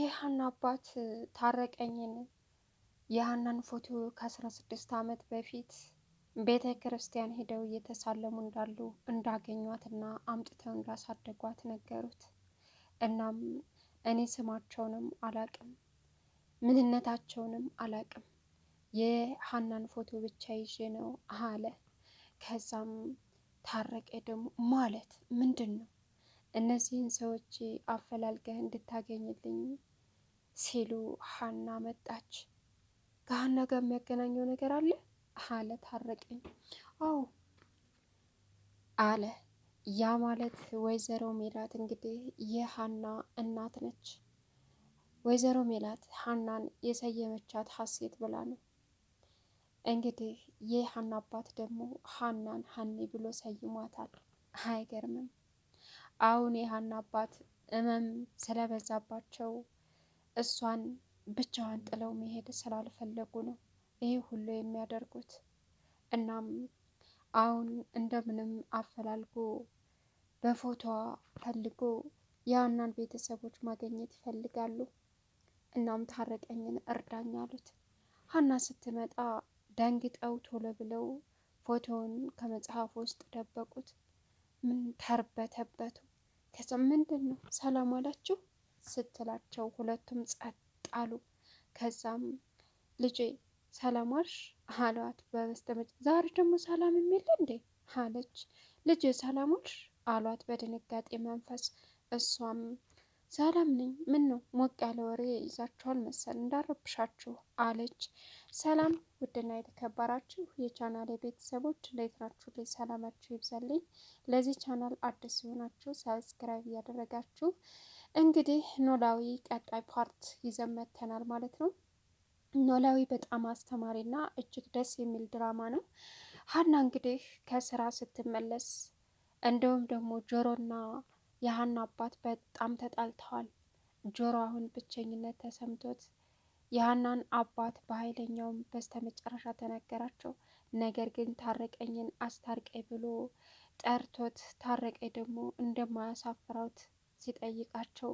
የሀና አባት ታረቀኝን የሀናን ፎቶ ከአስራ ስድስት ዓመት በፊት ቤተ ክርስቲያን ሄደው እየተሳለሙ እንዳሉ እንዳገኟትና አምጥተው እንዳሳደጓት ነገሩት። እናም እኔ ስማቸውንም አላቅም፣ ምንነታቸውንም አላቅም፣ የሀናን ፎቶ ብቻ ይዤ ነው አለ። ከዛም ታረቀ ደግሞ ማለት ምንድን ነው? እነዚህን ሰዎች አፈላልገህ እንድታገኝልኝ ሲሉ ሀና መጣች። ከሀና ጋር የሚያገናኘው ነገር አለ አለ ታረቅኝ። አዎ አለ። ያ ማለት ወይዘሮ ሜላት እንግዲህ የሀና እናት ነች። ወይዘሮ ሜላት ሀናን የሰየመቻት ሀሴት ብላ ነው። እንግዲህ የሀና አባት ደግሞ ሀናን ሀኔ ብሎ ሰይሟታል። አይገርምም? አሁን የሀና አባት እመም ስለበዛባቸው እሷን ብቻዋን ጥለው መሄድ ስላልፈለጉ ነው ይህ ሁሉ የሚያደርጉት። እናም አሁን እንደምንም አፈላልጎ በፎቶዋ ፈልጎ የሀናን ቤተሰቦች ማግኘት ይፈልጋሉ። እናም ታረቀኝን እርዳኝ አሉት። ሀና ስትመጣ ደንግጠው ቶሎ ብለው ፎቶውን ከመጽሐፍ ውስጥ ደበቁት። ምን ተርበተበቱ። ከዛ ምንድን ነው ሰላም አላችሁ ስትላቸው ሁለቱም ጸጥ አሉ። ከዛም ልጄ ሰላማሽ አሏት። በመስተመጭ ዛሬ ደግሞ ሰላም የሚል እንዴ አለች። ልጄ ሰላማሽ አሏት በድንጋጤ መንፈስ። እሷም ሰላም ነኝ፣ ምን ነው ሞቅ ያለ ወሬ ይዛችኋል መሰል እንዳረብሻችሁ አለች። ሰላም ውድና የተከበራችሁ የቻናል ቤተሰቦች እንዴት ናችሁ? ላይ ሰላማችሁ ይብዛልኝ። ለዚህ ቻናል አዲስ ሲሆናችሁ ሳብስክራይብ እያደረጋችሁ እንግዲህ ኖላዊ ቀጣይ ፓርት ይዘን መተናል ማለት ነው። ኖላዊ በጣም አስተማሪ ና እጅግ ደስ የሚል ድራማ ነው። ሀና እንግዲህ ከስራ ስትመለስ እንዲሁም ደግሞ ጆሮና የሀና አባት በጣም ተጣልተዋል። ጆሮ አሁን ብቸኝነት ተሰምቶት የሀናን አባት በኃይለኛውም በስተመጨረሻ ተናገራቸው። ነገር ግን ታረቀኝን አስታርቀኝ ብሎ ጠርቶት ታረቀኝ ደግሞ እንደማያሳፍራውት ሲጠይቃቸው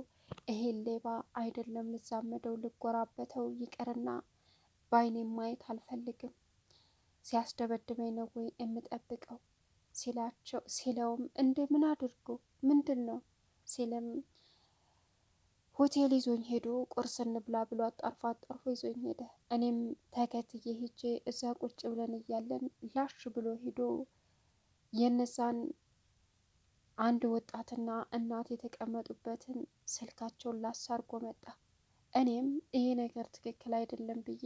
ይሄን ሌባ አይደለም ልዛመደው ልጎራበተው ይቅርና በአይኔ ማየት አልፈልግም፣ ሲያስደበድበኝ ነው ወይ የምጠብቀው ሲላቸው ሲለውም እንዴ ምን አድርጎ ምንድን ነው ሲልም ሆቴል ይዞኝ ሄዶ ቁርስ እንብላ ብሎ አጣርፎ አጣርፎ ይዞኝ ሄደ። እኔም ተከትዬ ሄጄ እዛ ቁጭ ብለን እያለን ላሽ ብሎ ሄዶ የነዛን አንድ ወጣትና እናት የተቀመጡበትን ስልካቸውን ላሳርጎ መጣ። እኔም ይሄ ነገር ትክክል አይደለም ብዬ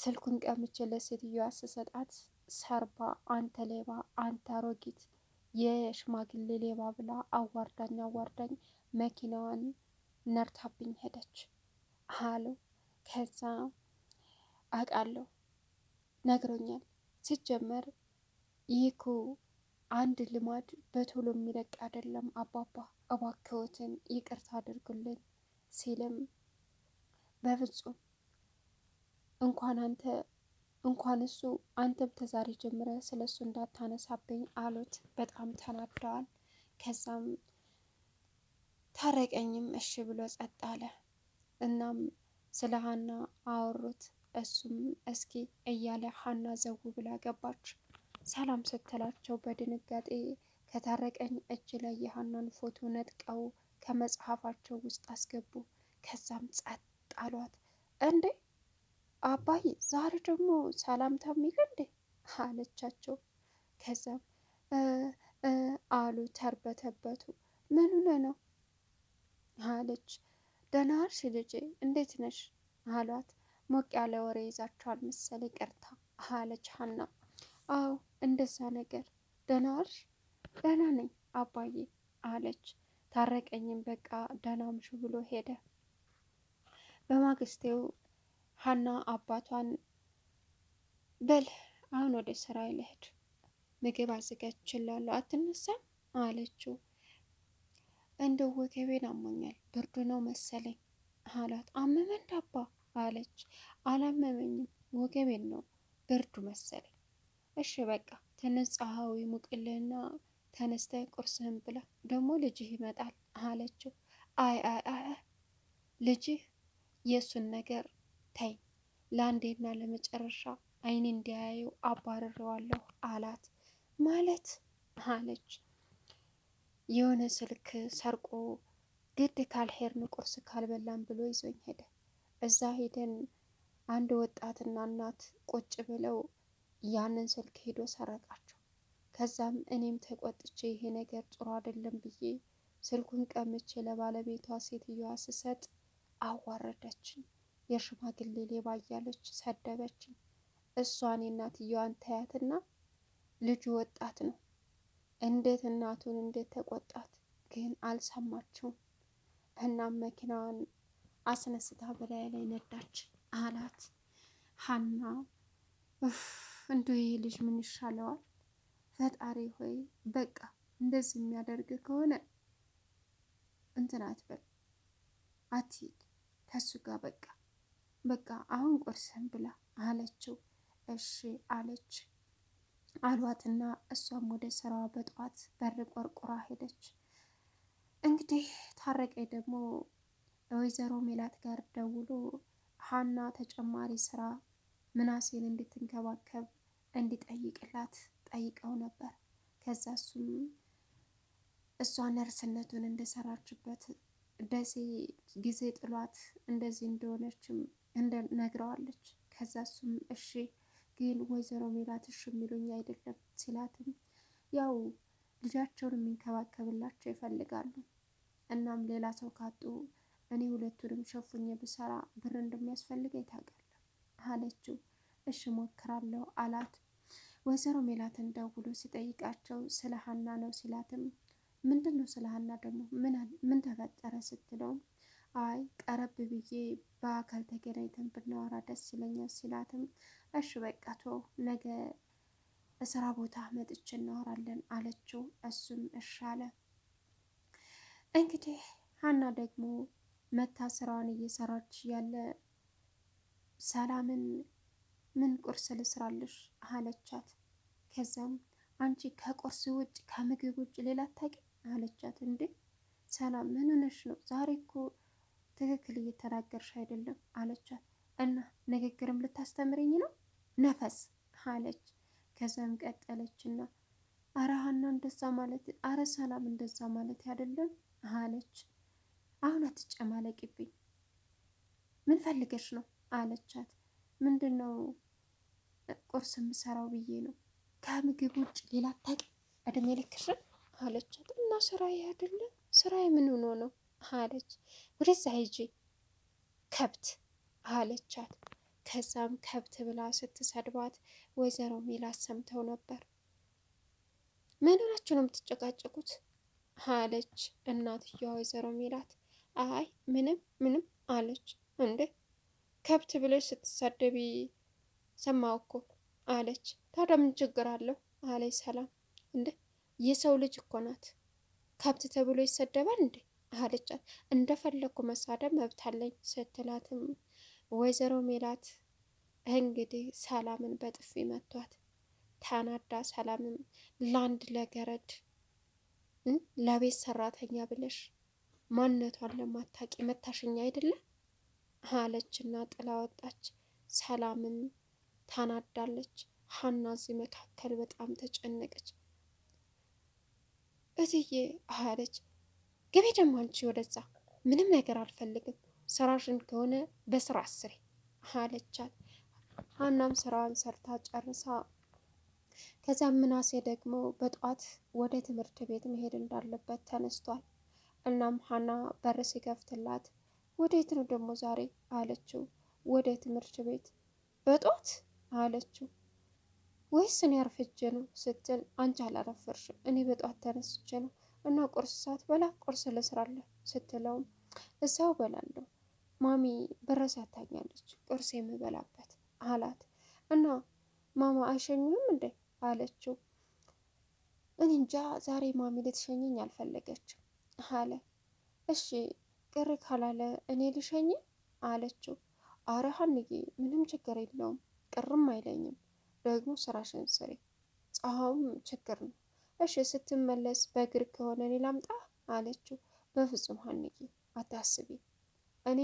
ስልኩን ቀምቼ ለሴትዮዋ ስሰጣት ሰርባ አንተ ሌባ፣ አንተ አሮጊት፣ የሽማግሌ ሌባ ብላ አዋርዳኝ አዋርዳኝ መኪናዋን ነርታብኝ ሄደች አሉ። ከዛ አውቃለሁ ነግሮኛል ሲጀመር ይህ አንድ ልማድ በቶሎ የሚለቅ አይደለም አባባ እባክዎትን ይቅርታ አድርጉልኝ ሲልም በፍጹም እንኳን አንተ እንኳን እሱ አንተም ተዛሬ ጀምረ ስለ እሱ እንዳታነሳብኝ አሉት። በጣም ተናደዋል። ከዛም ታረቀኝም እሺ ብሎ ጸጥ አለ። እናም ስለ ሀና አወሩት። እሱም እስኪ እያለ ሀና ዘው ብላ ገባች። ሰላም ስትላቸው በድንጋጤ ከታረቀኝ እጅ ላይ የሀናን ፎቶ ነጥቀው ከመጽሐፋቸው ውስጥ አስገቡ። ከዛም ጸጥ አሏት። እንዴ አባይ ዛሬ ደግሞ ሰላምታ ሚል እንዴ አለቻቸው። ከዛም አሉ ተርበተበቱ። ምን ሆነ ነው አለች። ደህና ዋልሽ ልጄ እንዴት ነሽ አሏት። ሞቅ ያለ ወሬ ይዛቸዋል መሰል ቀርታ አለች ሀና። አዎ እንደዛ ነገር ደህና ዋልሽ? ደህና ነኝ አባዬ አለች። ታረቀኝም በቃ ደህና ምሹ ብሎ ሄደ። በማግስቴው ሀና አባቷን በል አሁን ወደ ስራ ይልሄድ ምግብ አዘጋጅቼልሃለሁ አትነሳም አለችው። እንደው ወገቤን አሞኛል ብርዱ ነው መሰለኝ አላት። አመመን አባ አለች። አላመመኝም ወገቤን ነው ብርዱ መሰለኝ እሺ በቃ ተነስ ፀሐዩ ይሙቅልህና ተነስተህ ቁርስህን ብላ፣ ደግሞ ልጅህ ይመጣል አለችው። አይ አይ አይ ልጅህ የእሱን ነገር ተይ፣ ለአንዴና ለመጨረሻ አይን እንዲያዩ አባርሬዋለሁ አላት። ማለት አለች የሆነ ስልክ ሰርቆ ግድ ካልሄድን ቁርስ ካልበላን ብሎ ይዞኝ ሄደ። እዛ ሄደን አንድ ወጣትና እናት ቁጭ ብለው ያንን ስልክ ሄዶ ሰረቃቸው። ከዛም እኔም ተቆጥቼ ይሄ ነገር ጥሩ አይደለም ብዬ ስልኩን ቀምቼ ለባለቤቷ ሴትዮዋ ስሰጥ አዋረደችኝ። የሽማግሌ ሌባ እያለች ሰደበችኝ። እሷን የእናትየዋን ታያትና ልጁ ወጣት ነው እንዴት እናቱን እንዴት ተቆጣት፣ ግን አልሰማችውም። እናም መኪናዋን አስነስታ በላይ ላይ ነዳች አላት ሀና እንደው ይሄ ልጅ ምን ይሻለዋል? ፈጣሪ ሆይ በቃ እንደዚህ የሚያደርግ ከሆነ እንትን አትበል፣ አትሂድ ከሱ ጋር በቃ በቃ አሁን ቁርስን ብላ አለችው። እሺ አለች አሏትና እሷም ወደ ስራዋ በጠዋት በር ቆርቁራ ሄደች። እንግዲህ ታረቀኝ ደግሞ ወይዘሮ ሜላት ጋር ደውሎ ሀና ተጨማሪ ስራ ምናሴን እንድትንከባከብ እንዲጠይቅላት ጠይቀው ነበር። ከዛ እሱም እሷ ነርስነቱን እንደሰራችበት ደሴ ጊዜ ጥሏት እንደዚህ እንደሆነችም ነግረዋለች ከዛ እሱም እሺ ግን ወይዘሮ ሜላት እሺ የሚሉኝ አይደለም ሲላትም ያው ልጃቸውን የሚንከባከብላቸው ይፈልጋሉ። እናም ሌላ ሰው ካጡ እኔ ሁለቱንም ሸፉኝ ብሰራ ብር እንደሚያስፈልገኝ ታውቃለህ አለችው። እሽ ሞክራለሁ አላት። ወይዘሮ ሜላትን ደውሎ ሲጠይቃቸው ስለ ሀና ነው ሲላትም ምንድን ነው ስለ ሀና ደግሞ ምን ተፈጠረ ስትለውም አይ ቀረብ ብዬ በአካል ተገናኝተን ብናወራ ደስ ይለኛል ሲላትም እሽ በቃቶ ነገ ስራ ቦታ መጥቼ እናወራለን አለችው። እሱም እሽ አለ። እንግዲህ ሀና ደግሞ መታ ስራዋን እየሰራች ያለ ሰላምን ምን ቁርስ ልስራልሽ አለቻት። ከዛም አንቺ ከቁርስ ውጭ ከምግብ ውጭ ሌላ አታውቂም አለቻት። እንዴ ሰላም ምን ሆነሽ ነው? ዛሬ እኮ ትክክል እየተናገርሽ አይደለም አለቻት። እና ንግግርም ልታስተምረኝ ነው ነፈስ አለች። ከዛም ቀጠለችና አረ ሀና እንደዛ ማለት አረ ሰላም እንደዛ ማለት አይደለም አለች። አሁን አትጨማለቂብኝ ምን ፈልገሽ ነው አለቻት። ምንድን ነው ቁርስ የምሰራው ብዬ ነው ከምግብ ውጭ ሌላ ታቅ እድሜ ልክሽን አለቻት። እና ስራ አይደለ ስራ የምን ሆኖ ነው አለች። ወደዛ ሂጂ ከብት አለቻት። ከዛም ከብት ብላ ስትሰድባት ወይዘሮ ሚላት ሰምተው ነበር። ምን ሆናችሁ ነው የምትጨቃጨቁት? አለች እናትየዋ ወይዘሮ ሚላት። አይ ምንም ምንም አለች። እንዴ ከብት ብለሽ ስትሳደቢ ሰማሁ እኮ አለች። ታዲያ ምን ችግር አለው አለች ሰላም። እንዴ የሰው ልጅ እኮ ናት ከብት ተብሎ ይሰደባል እንዴ አለቻት። እንደፈለግኩ መሳደብ መብት አለኝ ስትላትም ወይዘሮ ሜላት እንግዲህ ሰላምን በጥፊ መቷት። ተናዳ ሰላምም ላንድ ለገረድ ለቤት ሰራተኛ ብለሽ ማንነቷን ለማታቂ መታሸኛ አይደለም አለችና ጥላ ወጣች። ሰላምም ታናዳለች። ሀና እዚህ መካከል በጣም ተጨነቀች። እትዬ አለች፣ ግቢ ደግሞ አንቺ ወደዛ፣ ምንም ነገር አልፈልግም፣ ስራሽን ከሆነ በስራ አስሬ አለቻት። ሀናም ስራዋን ሰርታ ጨርሳ ከዛ ምናሴ ደግሞ በጠዋት ወደ ትምህርት ቤት መሄድ እንዳለበት ተነስቷል። እናም ሀና በር ሲከፍትላት ወዴት ነው ደግሞ ዛሬ አለችው። ወደ ትምህርት ቤት በጧት አለችው። ወይስ እኔ አርፍጄ ነው ስትል፣ አንቺ አላረፈርሽም እኔ በጧት ተነስቼ ነው እና ቁርስ ሰዓት በላ ቁርስ ልስራለሁ ስትለውም እዛው በላለሁ ማሚ ታኛለች ቁርስ የምበላበት አላት እና ማማ አይሸኙም እንዴ አለችው። እኔ እንጃ ዛሬ ማሚ ልትሸኘኝ አልፈለገችም አለ። እሺ ቅር ካላለ እኔ ልሸኝ አለችው። አረ ሀንዬ ምንም ችግር የለውም ቅርም አይለኝም። ደግሞ ስራሽን ስሪ፣ ፀሐዩም ችግር ነው። እሺ ስትመለስ በእግር ከሆነ እኔ ላምጣ አለችው። በፍጹም ሀንዬ አታስቢ፣ እኔ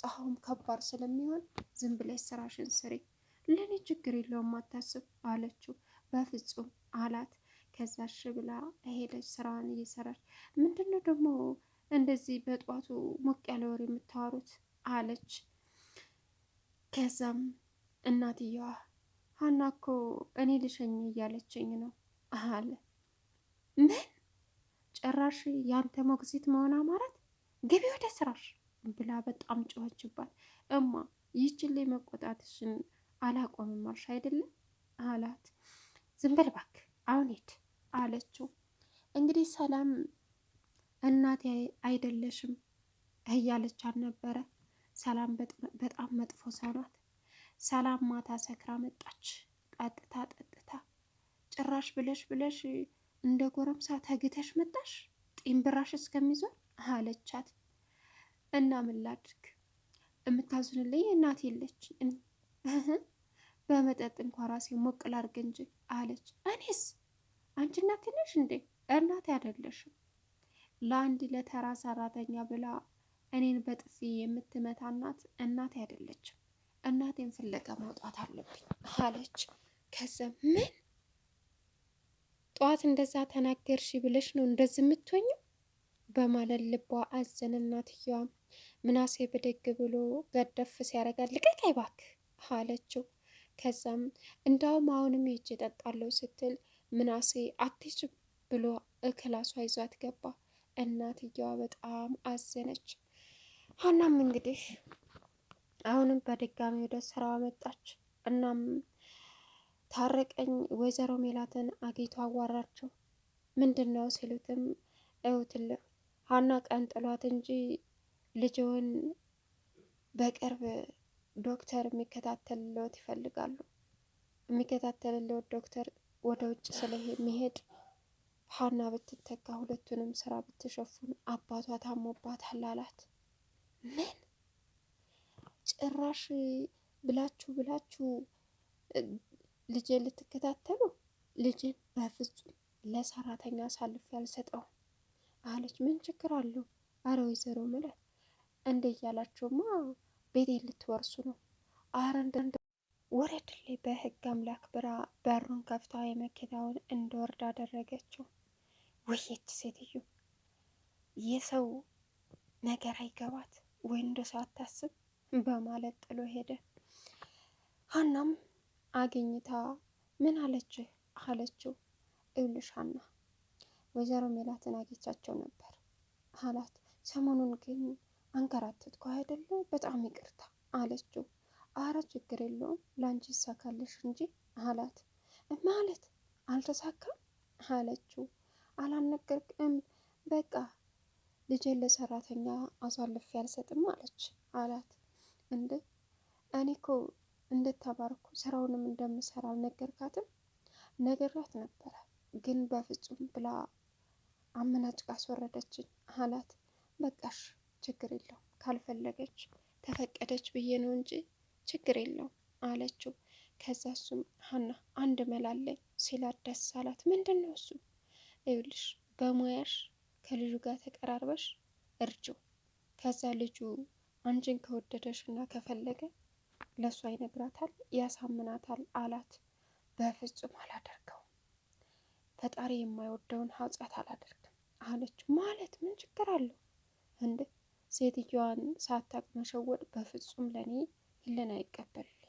ፀሐዩም ከባድ ስለሚሆን ዝም ብለሽ ስራሽን ስሪ፣ ለእኔ ችግር የለውም አታስብ አለችው። በፍጹም አላት። ከዛ እሺ ብላ ሄደች። ስራዋን እየሰራች ምንድነው ደግሞ እንደዚህ በጧቱ ሞቅ ያለ ወር የምታወሩት አለች። ከዛም እናትየዋ ሀና እኮ እኔ ልሸኝ እያለችኝ ነው አለ። ምን ጭራሽ ያንተ ሞግዚት መሆን አማራት? ግቢ ወደ ስራሽ ብላ በጣም ጮኸችባት። እማ ይችን ላይ መቆጣትሽን አላቆምም አልሽ አይደለም አላት። ዝም በል እባክህ አሁን ሂድ አለችው። እንግዲህ ሰላም እናቴ አይደለሽም እያለቻት ነበረ። ሰላም በጣም መጥፎ ሰው ናት። ሰላም ማታ ሰክራ መጣች። ጠጥታ ጠጥታ ጭራሽ ብለሽ ብለሽ እንደ ጎረምሳ ተግተሽ መጣሽ ጢም ብራሽ እስከሚዞር አለቻት። እና ምን ላድርግ የምታዝንልኝ እናት የለች በመጠጥ እንኳ ራሴ ሞቅ ላድርግ እንጂ አለች። እኔስ አንቺ እናት እንዴ? እናቴ አይደለሽም ለአንድ ለተራ ሰራተኛ ብላ እኔን በጥፊ የምትመታ እናት እናቴ አይደለችም። እናቴን ፍለጋ መውጣት አለብኝ አለች። ከዛ ምን ጠዋት እንደዛ ተናገርሽ ብለሽ ነው እንደዚህ የምትሆኝው በማለት ልቧ አዘን። እናትየዋ ምናሴ ብድግ ብሎ ገደፍ ሲያደርጋት ልቀቀኝ እባክህ አለችው። ከዛም እንዳውም አሁንም ሂጅ እጠጣለሁ ስትል ምናሴ አትሂጅ ብሎ እክላሷ ይዟት ገባ። እናትየዋ በጣም አዘነች። ሀናም እንግዲህ አሁንም በድጋሚ ወደ ስራዋ መጣች። እናም ታረቀኝ ወይዘሮ ሜላትን አግኝቶ አዋራቸው። ምንድን ነው ሲሉትም እውትል ሀና ቀን ጥሏት እንጂ ልጅውን በቅርብ ዶክተር የሚከታተልለት ይፈልጋሉ። የሚከታተልለት ዶክተር ወደ ውጭ ስለመሄድ ሀና ብትተካ ሁለቱንም ስራ ብትሸፉን አባቷ ታሞባታል አላት። ምን ጭራሽ ብላችሁ ብላችሁ ልጄን ልትከታተሉ? ልጄን በፍጹም ለሰራተኛ አሳልፌ አልሰጠውም አለች። ምን ችግር አለው? አረ ወይዘሮ ምለት እንደ እያላችሁማ ቤቴን ልትወርሱ ነው። አረ ወረድልኝ በህግ አምላክ ብራ በሩን ከፍታ የመኪናውን እንደወርድ አደረገችው። ውይች ሴትዮ የሰው ነገር አይገባት ወይ እንደ ሰው አታስብ በማለት ጥሎ ሄደ። ሀናም አግኝታ ምን አለችህ አለችው። እውልሽ ሀና ወይዘሮ ሜላትን አግኝቻቸው ነበር አላት። ሰሞኑን ግን አንከራተትኩ አይደለ በጣም ይቅርታ አለችው። አረ ችግር የለውም ለአንቺ ይሳካልሽ እንጂ አላት። ማለት አልተሳካም አለችው። አላነገርቅም በቃ ልጄን ለሰራተኛ አሳልፌ አልሰጥም አለች አላት። እንደ እኔ እኮ እንድታባርኩ ስራውንም እንደምሰራ አልነገርካትም? ነገራት ነበረ ግን በፍጹም ብላ አመናጭ አስወረደችኝ አላት። በቃሽ ችግር የለውም ካልፈለገች ተፈቀደች ብዬ ነው እንጂ ችግር የለውም አለችው። ከዛ እሱም ሀና አንድ መላለኝ ሲላት ደስ አላት። ምንድን ነው እሱ? ይኸውልሽ በሙያሽ ከልጁ ጋር ተቀራርበሽ እርጅው። ከዛ ልጁ አንቺን ከወደደሽ እና ከፈለገ ለእሷ ይነግራታል፣ ያሳምናታል አላት። በፍጹም አላደርገውም፣ ፈጣሪ የማይወደውን ኃጢአት አላደርግም አለችው። ማለት ምን ችግር አለው እንዴ? ሴትዮዋን ሳታቅ መሸወድ በፍጹም ለእኔ ህሊና ይቀበልልኝ፣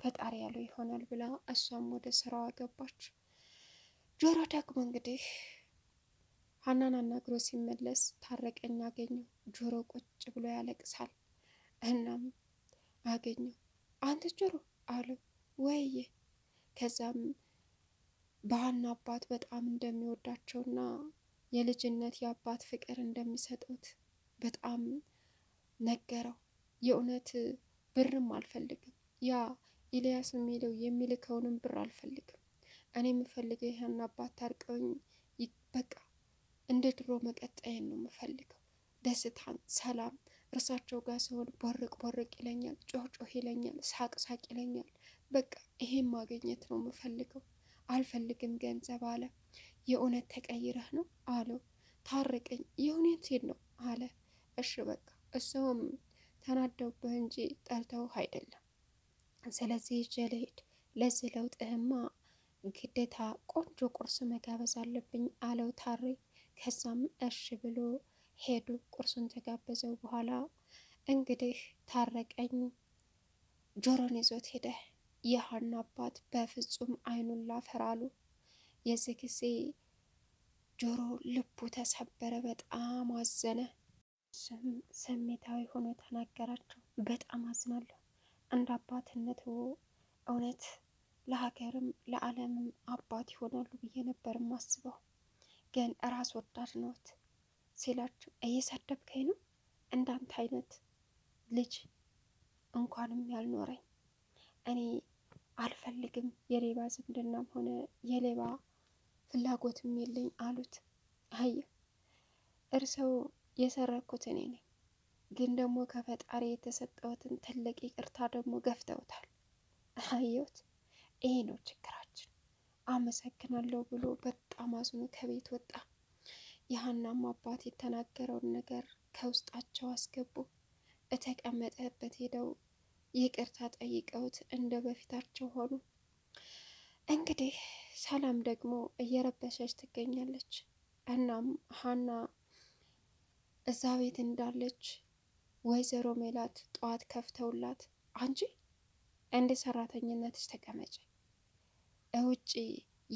ፈጣሪ ያለው ይሆናል ብላ እሷም ወደ ስራዋ ገባች። ጆሮ ደግሞ እንግዲህ ሀናን አናግሮ ሲመለስ ታረቀኝ አገኘው። ጆሮ ቁጭ ብሎ ያለቅሳል። እናም አገኘው አንተ ጆሮ አለው ወይ ከዛም በሀና አባት በጣም እንደሚወዳቸውና የልጅነት የአባት ፍቅር እንደሚሰጡት በጣም ነገረው የእውነት ብርም አልፈልግም። ያ ኢልያስ የሚለው የሚልከውንም ብር አልፈልግም። እኔ የምፈልገው ይህን አባት ታርቀውኝ በቃ እንደ ድሮ መቀጠይን ነው የምፈልገው። ደስታን፣ ሰላም እርሳቸው ጋር ሲሆን ቦርቅ ቦርቅ ይለኛል፣ ጮህጮህ ይለኛል፣ ሳቅ ሳቅ ይለኛል። በቃ ይሄን ማግኘት ነው የምፈልገው። አልፈልግም ገንዘብ አለ። የእውነት ተቀይረህ ነው አለው። ታርቀኝ የእውነት ሄድ ነው አለ። እሺ በቃ እሱም ተናደውብህ እንጂ ጠርተውህ አይደለም። ስለዚህ ይዤ ለዚህ ለውጥህማ ግዴታ ቆንጆ ቁርስ መጋበዝ አለብኝ አለው ታሬ። ከዛም እሺ ብሎ ሄዱ። ቁርሱን ተጋበዘው በኋላ እንግዲህ ታረቀኝ ጆሮን ይዞት ሄደ። የሀና አባት በፍጹም አይኑን ላፈራሉ። አሉ። የዚህ ጊዜ ጆሮ ልቡ ተሰበረ፣ በጣም አዘነ። ስሜታዊ ሆኖ ተናገራቸው። በጣም አዝናለሁ። እንደ አባትነት እውነት ለሀገርም ለዓለምም አባት ይሆናሉ ብዬ ነበር ማስበው፣ ግን ራስ ወዳድ ነዎት ሲላቸው እየሰደብከኝ ነው እንዳንተ አይነት ልጅ እንኳንም ያልኖረኝ እኔ አልፈልግም የሌባ ዝምድናም ሆነ የሌባ ፍላጎትም የለኝ አሉት። አይ እርሰው የሰረኩት እኔ ነኝ፣ ግን ደግሞ ከፈጣሪ የተሰጠውትን ትልቅ ይቅርታ ደግሞ ገፍተውታል። አየሁት። ይሄ ነው ችግራችን። አመሰግናለሁ ብሎ በጣም አዝኖ ከቤት ወጣ። የሀናም አባት የተናገረውን ነገር ከውስጣቸው አስገቡ። እተቀመጠበት ሄደው ይቅርታ ጠይቀውት እንደ በፊታቸው ሆኑ። እንግዲህ ሰላም ደግሞ እየረበሸች ትገኛለች። እናም ሀና እዛ ቤት እንዳለች ወይዘሮ ሜላት ጠዋት ከፍተውላት አንቺ እንደ ሰራተኝነትሽ ተቀመጭ፣ እውጪ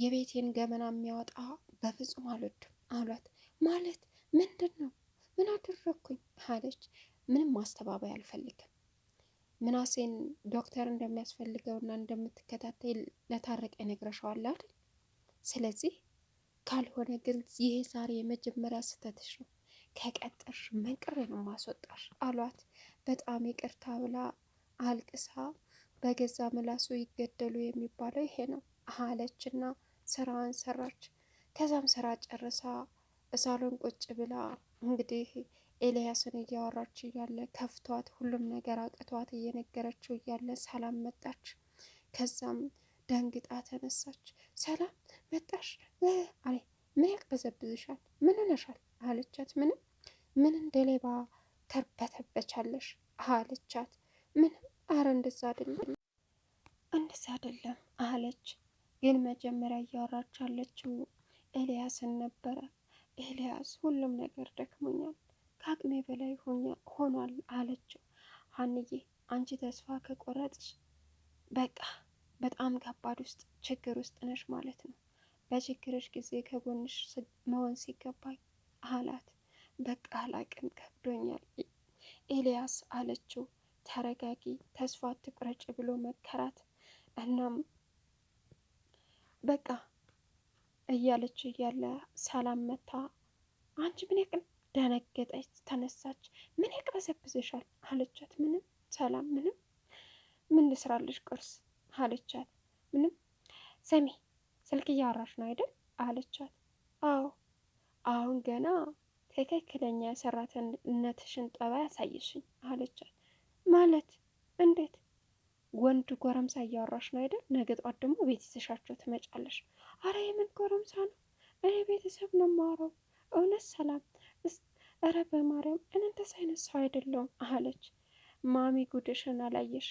የቤቴን ገመና የሚያወጣ በፍጹም አልወድም አሏት። ማለት ምንድን ነው? ምን አደረግኩኝ? አለች። ምንም ማስተባበይ አልፈልግም። ምናሴን ዶክተር እንደሚያስፈልገውና እንደምትከታተል ለታረቀ ነግረሸዋል አይደል? ስለዚህ ካልሆነ ግን ይሄ ዛሬ የመጀመሪያ ስህተትሽ ነው። ከቀጠርሽ መንቅሬ ነው ማስወጣሽ አሏት። በጣም ይቅርታ ብላ አልቅሳ በገዛ ምላሱ ይገደሉ የሚባለው ይሄ ነው አለች እና ስራዋን ሰራች። ከዛም ስራ ጨርሳ ሳሎን ቁጭ ብላ እንግዲህ ኤልያስን እያወራች እያለ ከፍቷት ሁሉም ነገር አቅቷት እየነገረችው እያለ ሰላም መጣች። ከዛም ደንግጣ ተነሳች። ሰላም መጣሽ? አይ ምን ያቅበዘብዝሻል? ምን ሆነሻል? አለቻት ምንም ምን እንደ ሌባ ተርበተበቻለሽ አለቻት። ምንም አረ እንደዛ አይደለም እንደዛ አይደለም አለች። ግን መጀመሪያ እያወራች ያለችው ኤልያስን ነበረ። ኤልያስ ሁሉም ነገር ደክሞኛል፣ ከአቅሜ በላይ ሆኗል አለችው። ሀንዬ አንቺ ተስፋ ከቆረጥሽ በቃ በጣም ከባድ ውስጥ ችግር ውስጥ ነሽ ማለት ነው። በችግርሽ ጊዜ ከጎንሽ መሆን ሲገባኝ አላት። በቃ አላቅም፣ ከብዶኛል ኤልያስ አለችው። ተረጋጊ፣ ተስፋ ትቁረጭ ብሎ መከራት። እናም በቃ እያለች እያለ ሰላም መታ። አንቺ ምን ያቅም ደነገጠች፣ ተነሳች። ምን ያቅበሰብስሻል አለቻት። ምንም ሰላም፣ ምንም ምን ልስራልሽ ቁርስ አለቻት። ምንም ሰሜ ስልክ እያወራሽ ነው አይደል አለቻት። አዎ አሁን ገና ትክክለኛ የሰራተኝነትሽን ጠባይ አሳየሽኝ አለቻት። ማለት እንዴት? ወንድ ጎረምሳ እያወራሽ ነው አይደል? ነገ ጧት ደግሞ ቤት ይዘሻቸው ትመጫለሽ። አረ የምን ጎረምሳ ነው? እኔ ቤተሰብ ነው የማወራው። እውነት ሰላም፣ እረ በማርያም እኔ አይነት ሰው አይደለሁም አለች። ማሚ ጉድሽን አላየሽ።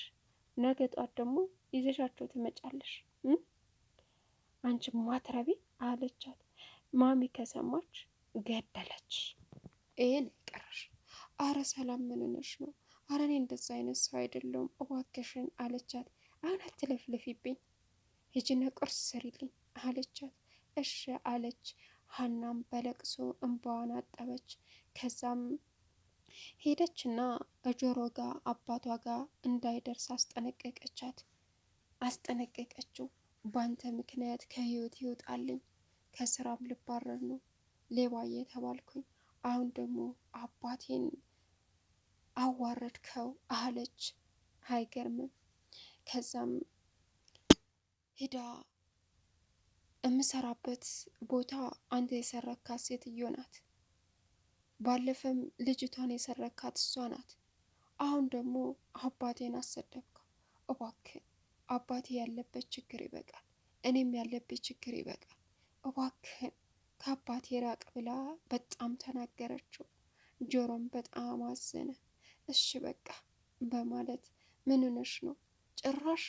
ነገ ጧት ደግሞ ይዘሻቸው ትመጫለሽ። አንቺ ማትረቢ አለቻት። ማሚ ከሰማች ገደለች። ይህን ቀረሽ። አረ ሰላም ምንነሽ ነው? አረ እኔ እንደዛ አይነት ሰው አይደለውም እባክሽን አለቻት። አሁን አትለፍልፊብኝ፣ ሂጂና ቁርስ ስሪልኝ አለቻት። እሺ አለች። ሀናም በለቅሶ እንባዋን አጠበች። ከዛም ሄደችና ጆሮ ጋ አባቷ ጋ እንዳይደርስ አስጠነቀቀቻት አስጠነቀቀችው። ባንተ ምክንያት ከህይወት ይወጣልኝ ከስራም ልባረር ነው ሌባ እየተባልኩኝ አሁን ደግሞ አባቴን አዋረድከው አለች። አይገርምም? ከዛም ሂዳ የምሰራበት ቦታ አንተ የሰረካት ሴትዮ ናት። ባለፈም ልጅቷን የሰረካት እሷ ናት። አሁን ደግሞ አባቴን አሰደብከው። እባክህ አባቴ ያለበት ችግር ይበቃል፣ እኔም ያለብኝ ችግር ይበቃል። እባክህን ከአባቴ ራቅ ብላ በጣም ተናገረችው። ጆሮም በጣም አዘነ። እሺ በቃ በማለት ምን ነው ጭራሽ